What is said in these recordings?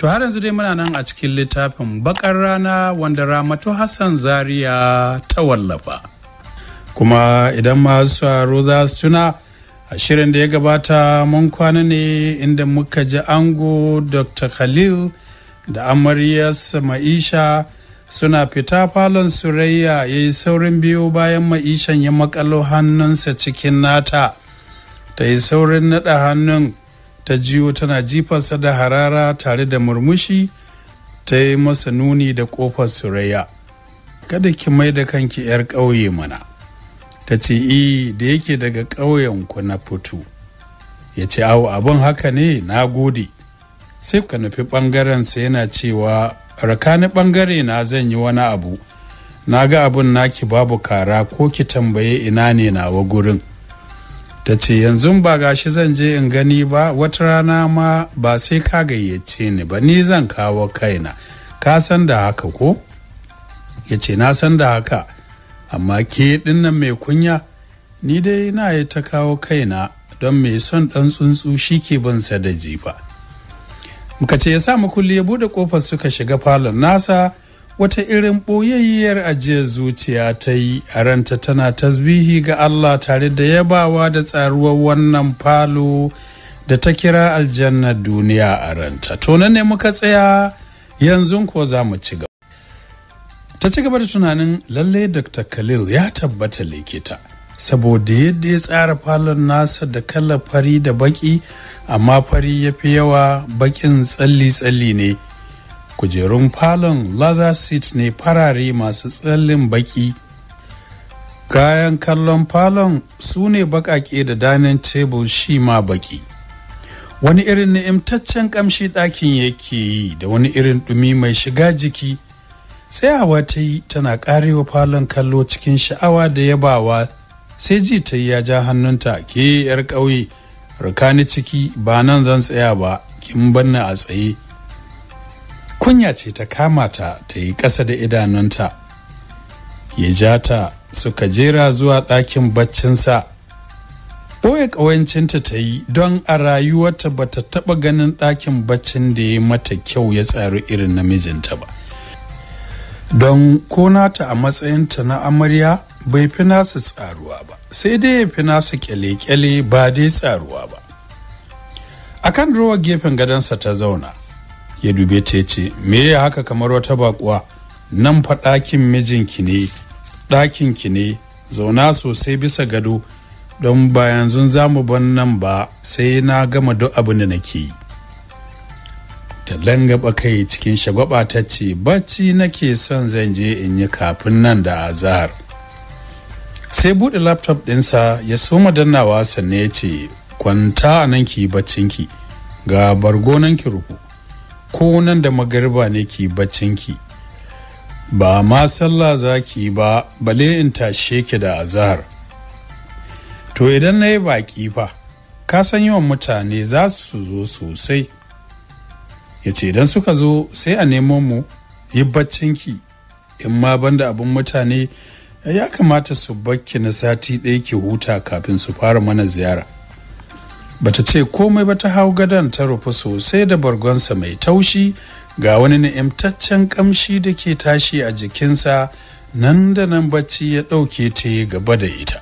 To har yanzu dai muna nan a cikin littafin bakar rana wanda Ramatu Hassan Zaria ta wallafa. Kuma idan masu aro za su tuna a shirin da ya gabata mun kwana ne inda muka ji ango Dr. Khalil da amaryarsa Maisha suna fita falon surayya ya yi saurin biyo bayan Maishan ya makalo hannunsa cikin nata. Ta yi saurin naɗa hannun ta jiyo tana jifarsa da harara tare da murmushi ta yi masa nuni da ƙofar surayya kada ki mai da kanki 'yar ƙauye mana ta ce i e, da yake daga ƙauyenku na fito ya ce awo abin haka ne na gode sai ka nufi ɓangarensa yana cewa rakani ɓangare na zan yi wani abu na ga abin naki babu kara ko ki tambaye ina ne nawa gurin ta ce yanzu ba gashi zan je in gani ba wata rana ma ba sai ka gayyace ni ba ni zan kawo kaina ka san da haka ko ya ce na san da haka amma ke dinnan mai kunya ni dai na yi ta kawo kaina don mai son ɗan tsuntsu shi ke bansa da jifa muka ce ya sa makulli ya buɗe ƙofar suka shiga falon nasa wata irin ɓoyayyiyar ajiyar zuciya ta yi a ranta tana tasbihi ga Allah tare da yabawa da tsaruwar wannan falo da ta kira aljannar duniya a ranta. To ne muka tsaya yanzu ko za mu ci gaba. Ta ci gaba da tunanin lalle Dr. Khalil ya tabbata likita. saboda yadda ya tsara falon nasa da kalar fari da baki amma fari ya fi yawa bakin tsalli-tsalli ne kujerun falon leather seat ne farare masu tsallin baki kayan kallon falon su ne bakake da dining table shi ma baki wani irin ni'imtaccen kamshi ɗakin yake yi da wani irin ɗumi mai shiga jiki tsayawa ta yi tana karewa falon kallo cikin sha'awa da yabawa sai ji ta ya ja hannunta ke yar ƙauye rikani ciki ba nan zan tsaya ba kin banna a tsaye kunya ce ta kama ta ta yi ƙasa da idanunta ya ja ta suka jera zuwa ɗakin baccinsa ɓoye ƙawancinta ta yi don a rayuwarta ba ta taɓa ganin ɗakin baccin da ya mata kyau ya tsaru irin namijinta ba don ko nata a matsayinta na amarya bai fi nasu tsaruwa ba sai dai ya fi nasu kyale-kyale ba dai tsaruwa ba akan ruwa gefen gadonsa ta zauna ya dube ta ya ce me ya haka kamar wata bakuwa nan fa ɗakin mijinki ne ɗakinki ne zauna sosai bisa gado don ba yanzu za mu ban nan ba sai na gama duk abin da nake yi ta langaba kai cikin shagwaba ta ce bacci nake son zan je in yi kafin nan da azahar sai buɗe laptop ɗinsa ya soma dannawa sannan ya ce kwanta nan ki baccinki ga ki ruku ko nan da magariba ne ki baccinki ba ma sallah za ki ba bale in tashe ki da azahar to idan na yi baƙi fa ka san yawan mutane za su zo sosai ya ce idan suka zo sai a nemo mu yi baccinki in ma banda abin mutane ya kamata su bakki na sati ɗaya ki huta kafin su fara mana ziyara bata ce komai ba ta hau gadon ta rufe sosai da bargonsa mai taushi ga wani ni'imtaccen kamshi da ke tashi a jikinsa nan da nan bacci ya ɗauke ta gaba da ita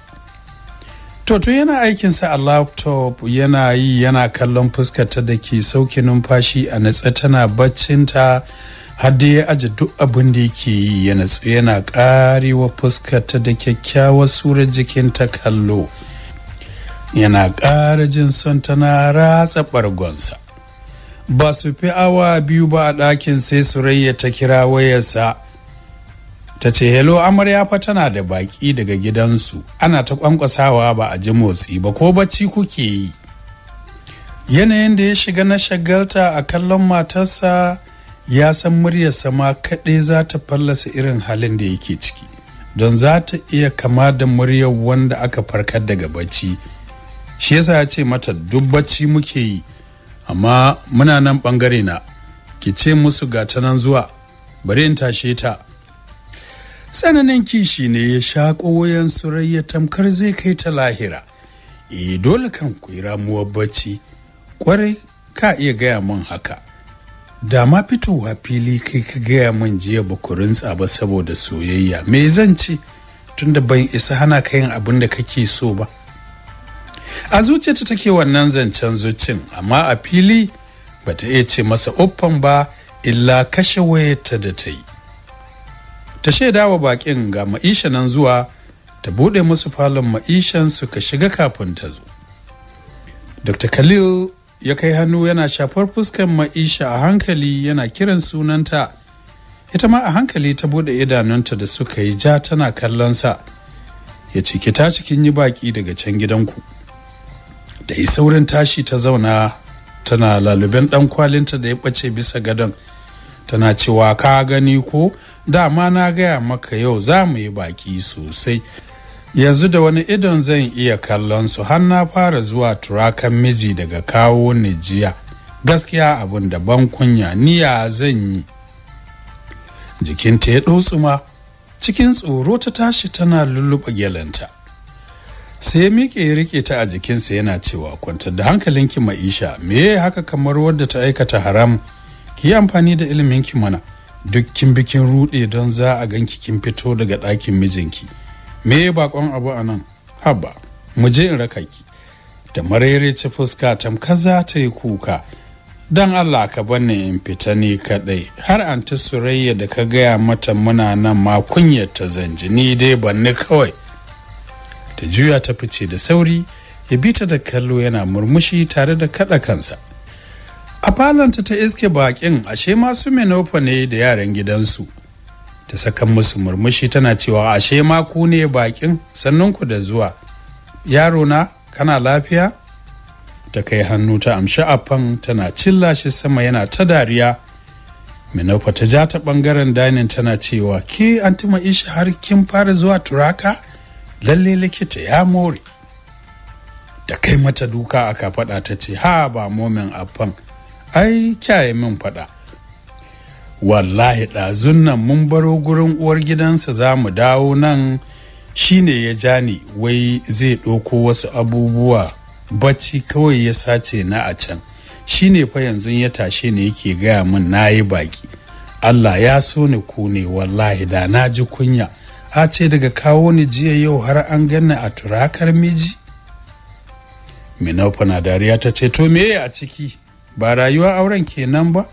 toto yana aikinsa a laptop yana yi yana kallon fuskarta da ke sauke numfashi a natsa tana baccinta har da ya aji duk abin da yake yi ya natsu yana karewa fuskarta da kyakkyawar surar jikinta kallo yana ƙara jin son tana ratsa ɓargonsa ba su fi awa biyu ba a ɗakin sai surayya ta kira wayarsa ta ce hello amarya fa tana da baƙi daga gidansu ana ta ƙwanƙwasawa ba a ji motsi ba ko bacci kuke yi yanayin da ya shiga na shagalta a kallon matarsa ya san muryarsa ma kaɗai za ta fallasa irin halin da yake ciki don za ta iya kama da muryar wanda aka farkar daga bacci shi yasa ya ce mata dubbaci muke yi amma muna nan bangare na ki ce musu ga ta nan zuwa bari in tashe ta tsananin kishi ne ya sha koyon surayya tamkar zai kai ta lahira e dole kan ku yi ramuwar bacci kwarai ka iya gaya min haka da ma fitowa fili kai ka gaya min jiya ba ku ba saboda soyayya me zan ci tunda ban isa hana ka yin abin da kake so ba a zuciyarta take wannan zancen zucin amma a fili bata iya ce masa uffan ba illa kashe wayarta da ta yi ta shaida wa bakin ga ma'isha nan zuwa ta bude musu falon ma'ishan su ka shiga kafin ta zo dr khalil ya kai hannu yana shafar fuskar ma'isha a hankali yana kiran sunanta ita ma a hankali ta bude idanunta da suka yi ja tana kallon sa. ya ce ki ta cikin yi baki daga can gidanku da yi saurin tashi ta zauna tana laluben dan kwalinta da ya bace bisa gadon tana cewa ka gani ko dama na gaya maka yau za mu yi baki sosai yanzu da wani idon zan iya kallon su hanna fara zuwa turakan miji daga kawo ni jiya gaskiya abin da ban kunya niya zan yi jikinta ya ɗotsuma cikin tsoro ta tashi tana lulluɓa gyalanta sai ya miƙe ya riƙe ta a jikinsa yana cewa kwantar da hankalinki ma'isha me haka kamar wadda ta aikata haram ki yi amfani da iliminki mana duk kin bikin ruɗe don za a ganki kin fito daga ɗakin mijinki me bakon abu a nan haba mu je in raka ki da marerece fuska tamka za ta yi kuka dan Allah ka bani in fita ni kaɗai. har an ta surayya da ka gaya mata muna nan ma kunyar ta zanji ni dai banni kawai Da juya ta fice da sauri ya bi ta da kallo yana murmushi tare da kada kansa a falanta ta iske bakin ashe masu menopa ne da yaran gidansu ta sakan musu murmushi tana cewa ashe ma ku ne bakin sannan ku da zuwa yaro na kana lafiya ta kai hannu ta amshi afan tana cilla shi sama yana ta dariya menopa ta ja ta bangaren dinin tana cewa ke an tuma ishi har kin fara zuwa turaka lalle likita ya more da kai mata duka aka faɗa ta ce ha ba momin afan ai kyaye min faɗa wallahi ɗazun nan mun baro gurin uwar gidansa za mu dawo nan shine ya ja ni wai zai ɗauko wasu abubuwa bacci kawai ya sace na a can Shi ne fa yanzu ya tashe ni yake gaya mun na yi baki allah ya so ni ku ne wallahi da na ji kunya a ce daga kawo ni jiya yau har an ganna a turakar miji minaufa na dariya ta ce to meye a ciki ba rayuwa auren kenan ba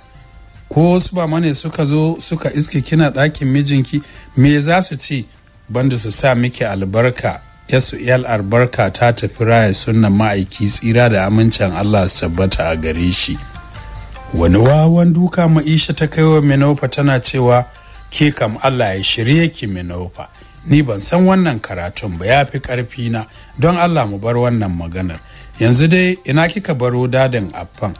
ko su ba mane suka zo suka iske kina ɗakin mijinki me za su ce banda su sa miki albarka yasu yal albarka ta tafi raya sunan ma'aiki tsira da amincin allah su tabbata a gare shi wani wawan duka ma'isha ta kaiwa wa minofa tana cewa ke kam Allah ya shirye ki minofa ni ban san wannan karatun ba ya fi ƙarfi na don Allah mu bar wannan maganar yanzu dai ina kika baro dadin affan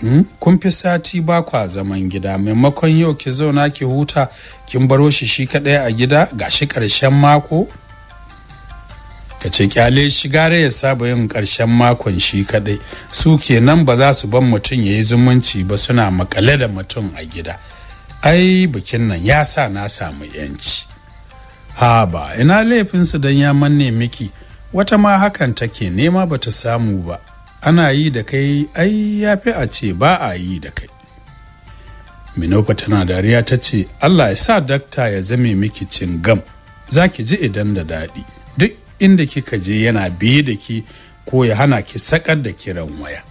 hmm? kun fi sati ba kwa zaman gida maimakon yau ki zauna ki huta kin baro shi shi kaɗai a gida ga shi ƙarshen mako ka ce kyale shi gare ya saba yin ƙarshen makon shi kaɗai su kenan ba za su ban mutum ya yi zumunci ba suna makale da mutum a gida ai bikin nan ya sa na samu yanci ha ba ina laifinsu don ya manne miki wata ma hakan take nema bata samu ba ana yi da kai ai ya fi a ce ba a yi da kai minofa tana dariya ta ce allah ya sa dakta ya zame miki cin gam za ki ji idan da daɗi duk inda kika je yana biye da ki ko ya hana ki sakar da kiran waya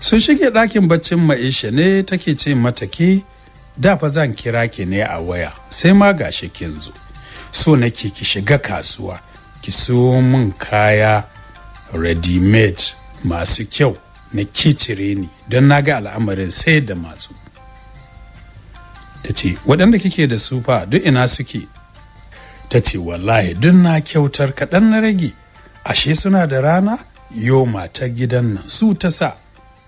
sun shige ɗakin baccin ma'isha ne take ce mata ke da fa zan kira ki ne a waya sai ma gashi kin zo so nake ki shiga kasuwa ki siyo mun kaya ready made masu kyau na kicire ni don na ga al'amarin sai da masu ta ce waɗanda kike da su fa duk ina suke ta ce wallahi duk na kyautar kaɗan na rage ashe suna da rana yo mata gidan nan su ta sa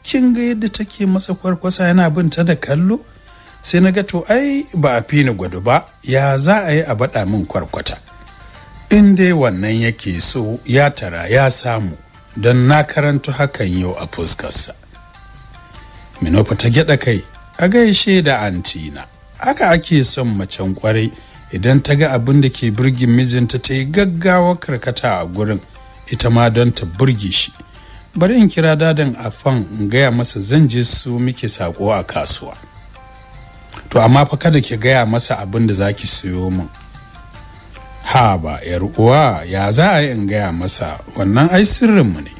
kin ga yadda take masa kwarkwasa yana bin ta da kallo sai na ga to ai ba a fi ni gwado ba ya za a yi a baɗa min kwarkwata in dai wannan yake so ya tara ya samu don na karanta hakan yau a fuskarsa minofa ta gyaɗa kai a gaishe da antina haka ake son macen kwarai idan ta ga abin da ke birgin mijinta ta yi gaggawar karkata a gurin ita ma don ta burge shi bari in kira dadan a in gaya masa zan je su muke sako a kasuwa to amma fa kada ki gaya masa abin da zaki siyo min ha ba yar uwa ya za a yi in gaya masa wannan ai sirrin mu ne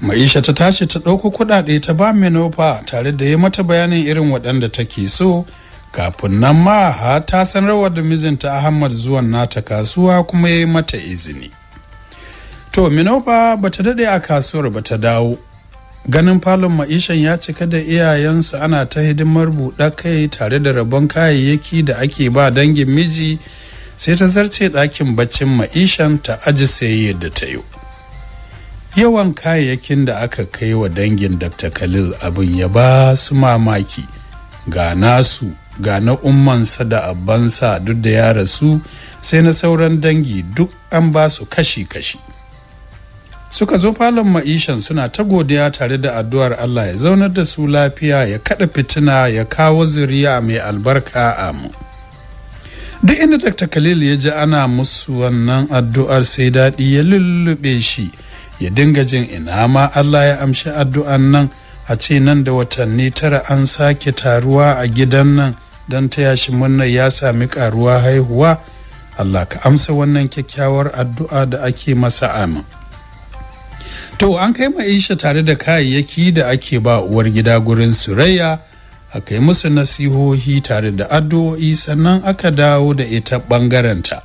maisha ta tashi ta ɗauko kuɗaɗe ta ba menofa tare da ya mata bayanin irin waɗanda take so kafin nan ma ha ta sanarwa da mijinta ahmad zuwan nata kasuwa kuma ya yi mata izini to minofa bata dade daɗe a kasuwar bata dawo ganin falon ma'ishan ya cika da iyayensu ana ta hidimar buɗa kai tare da rabon kayayyaki da ake ba dangin miji sai ta zarce ɗakin baccin ma'ishan ta aji sai da ta yi yawan kayayyakin da aka kai wa dangin dr khalil abin ya ba su mamaki ga nasu ga na ummansa da abbansa duk da ya rasu sai na sauran dangi duk an ba su kashi-kashi suka zo falon ma'ishan suna ta godiya tare da addu'ar Allah ya zaunar da su lafiya ya kada fitina ya kawo zuriya mai albarka a mu duk inda dr khalil ya ji ana musu wannan addu'ar sai daɗi ya lullube shi ya dinga jin ina ma Allah ya amshi addu'an nan a ce nan da watanni tara an sake taruwa a gidan nan don taya shi murna ya sami karuwa haihuwa Allah ka amsa wannan kyakkyawar addu'a da ake masa amin to an kai ma'isha tare da kayayyaki da ake ba uwar gida gurin surayya a kai musu nasihohi tare da addu'o'i sannan aka dawo da ita ɓangarenta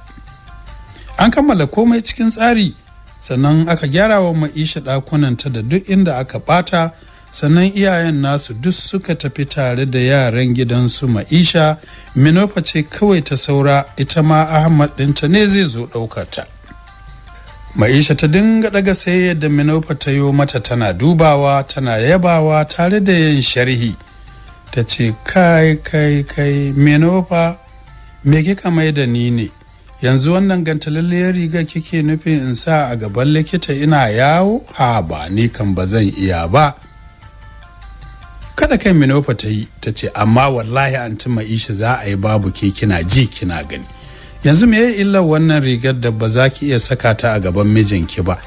an kammala komai cikin tsari sannan aka gyara wa ma'isha ɗakunanta da duk inda aka ɓata sannan iyayen nasu duk suka tafi tare da yaran gidansu ma'isha minofa ce kawai ta saura ita ma ahmad ɗinta ne zai zo ɗaukata. maisha ta dinga daga sai yadda minofa ta yo mata tana dubawa tana yabawa tare da yin sharhi ta ce kai kai kai minofa me kika mai da ni ne yanzu wannan gantalalliyar riga kike nufin in sa a gaban likita ina yawo ha ba ni kan ba zan iya ba kada kai minofa ta yi ta ce amma wallahi an maisha za a yi babu ke kina ji kina gani yanzu me illar wannan rigar da ba za ki iya saka ta a gaban mijinki ba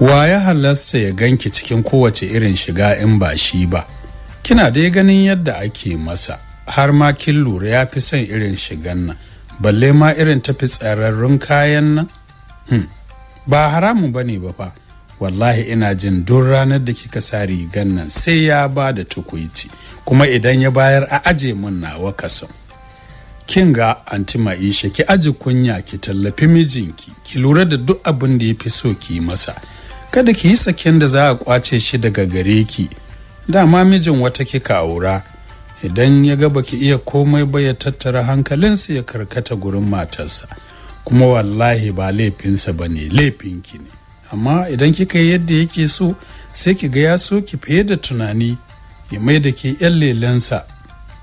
wa ya halasta ya ganki cikin kowace irin shiga in ba shi ba kina dai ganin yadda ake masa har ma kin lura ya fi son irin shigan nan balle ma irin tafi tsararrun kayan nan hmm, ba haramun ba ne ba fa wallahi ina jin don ranar da kika sa rigan nan sai ya ba da tukuici kuma idan ya bayar a aje mun nawa kasan kin ga anti maisha ki aji kunya ki tallafi mijinki ki lura da duk abin da ya fi so ki yi masa kada ki yi saken da za a kwace shi daga gare ki dama mijin wata kika aura idan ya ga baki iya komai ba ya tattara hankalinsa ya karkata gurin matarsa kuma wallahi ba laifinsa ba ne laifinki ne amma idan kika yi yadda yake so sai ki ga ya so ki fiye da tunani ya mai da ke 'yan lelensa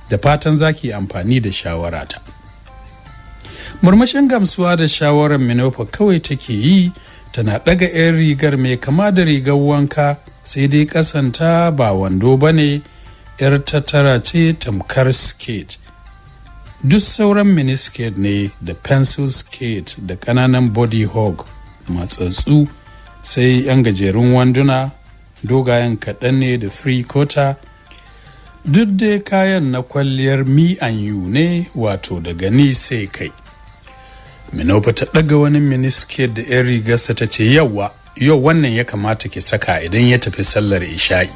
da fatan za ki amfani da shawara ta. murmushin gamsuwa da shawarar minofa kawai take yi tana ɗaga 'yan rigar mai kama da rigar wanka sai dai kasanta ba wando ba ne 'yar tattara ce tamkar skate duk sauran mini-skate ne da pencil skate da ƙananan body hog matsatsu sai 'yan gajerun wanduna dogayen kaɗan ne da free quarter duk dai kayan na kwalliyar me and you ne wato daga ni sai kai minofa ta ɗaga wani miniske da 'yan rigarsa ta ce yawa yau wannan ya kamata ki saka idan ya tafi sallar isha'i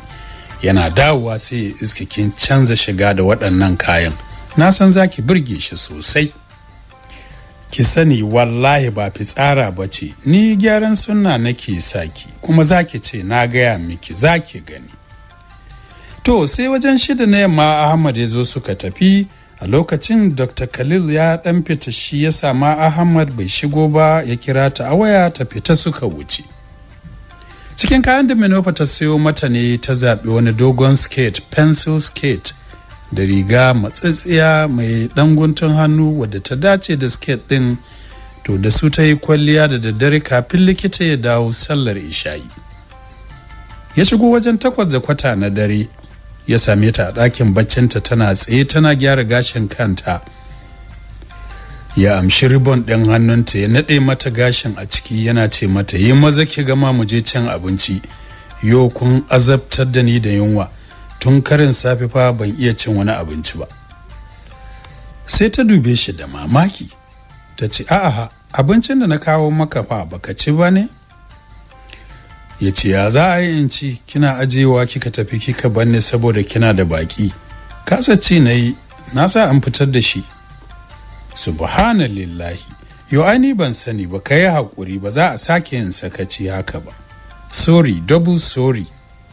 yana dawowa sai ya iske kin canza shiga da waɗannan kayan na san za ki birge shi sosai ki sani wallahi ba fi tsara ba ce ni gyaran suna nake saki kuma za ki ce na gaya miki za ki gani to sai wajen shida na yamma ahmad ya zo suka tafi a lokacin dr khalil ya ɗan fita shi ya sama ahmad bai shigo ba ya kira ta a waya ta fita suka wuce cikin kayan da minofa ta sayo mata ne ta zaɓi wani dogon skate pencil skate da riga matsatsiya mai ɗan guntun hannu wadda ta dace da skate ɗin to da su ta yi kwalliya da daddare kafin likita ya dawo sallar ishayi ya shigo wajen takwas da kwata na dare ya same ta a ɗakin baccinta tana tsaye tana gyara gashin kanta ya amshi ribon ɗin hannunta ya naɗe mata gashin a ciki yana ce mata yi maza ki gama mu je cin abinci yo kun azabtar da ni da yunwa tun karin safe fa ban iya cin wani abinci ba sai ta dube shi da mamaki ta ce a'a abincin da na kawo maka fa baka ci bane. ya ce ya za a yi ci kina ajiyewa kika tafi kika banne saboda kina da baki kasa ci na yi na sa an fitar da shi subhanallahi yau ani ban sani ba ka yi haƙuri ba za a sake yin sakaci haka ba sorry double sorry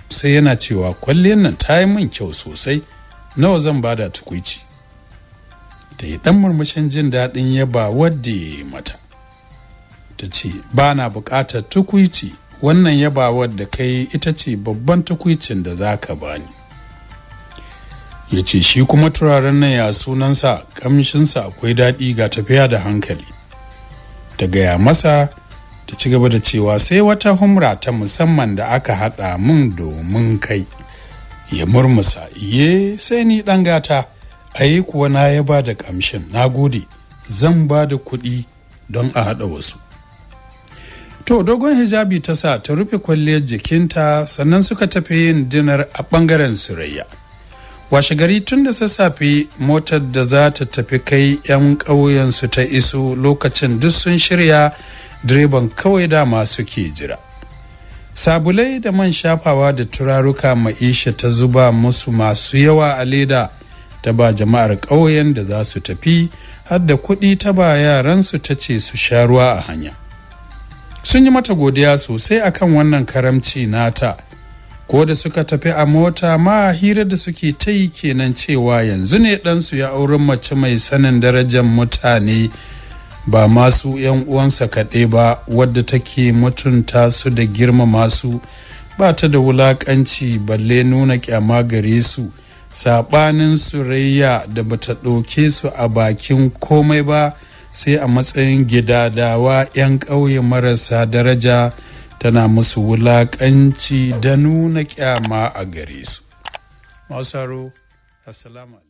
sai yana cewa kwalliyar nan ta yi min kyau sosai nawa zan bada tukuici da ya dan murmushin jin daɗin yaba wadda ya mata ta ce ba na buƙatar tukuici wannan yabawar da kai ita ce babban takwicin da za ka bani ya ce shi kuma turaren nan ya sunansa kamshinsa akwai daɗi ga tafiya da hankali ta gaya masa ta ci gaba da cewa sai wata humra ta musamman da aka haɗa min domin kai ya murmusa ye sai ni ɗan gata yi kuwa na ya ba da kamshin, na gode zan ba da kuɗi don a haɗa wasu to dogon hijabi ta sa ta rufe kwalliyar jikinta sannan suka tafi yin dinar a bangaren surayya washe gari tun da sassafe motar da za ta tafi kai 'yan ƙauyensu ta iso lokacin duk sun shirya direban kawai da dama ke jira sabulai da man shafawa da turaruka ma'isha ta zuba musu masu yawa a leda ta ba jama'ar ƙauyen da za su tafi har da kuɗi ta ba yaransu ta ce su sha ruwa a hanya sun yi mata godiya sosai akan wannan karamci nata ko da suka tafi a mota ma hira da suke ta yi kenan cewa yanzu ne ɗansu ya auren mace mai sanin darajar mutane ba masu yan uwansa kaɗai ba wadda take mutunta su da girmama su ba ta da wulaƙanci balle nuna ƙyama gare su saɓanin surayya da bata ɗauke su a bakin komai ba sai a matsayin gidadawa 'yan ƙauye marasa daraja tana musu wulaƙanci da nuna ƙyama a gare su. Masaru, Assalamu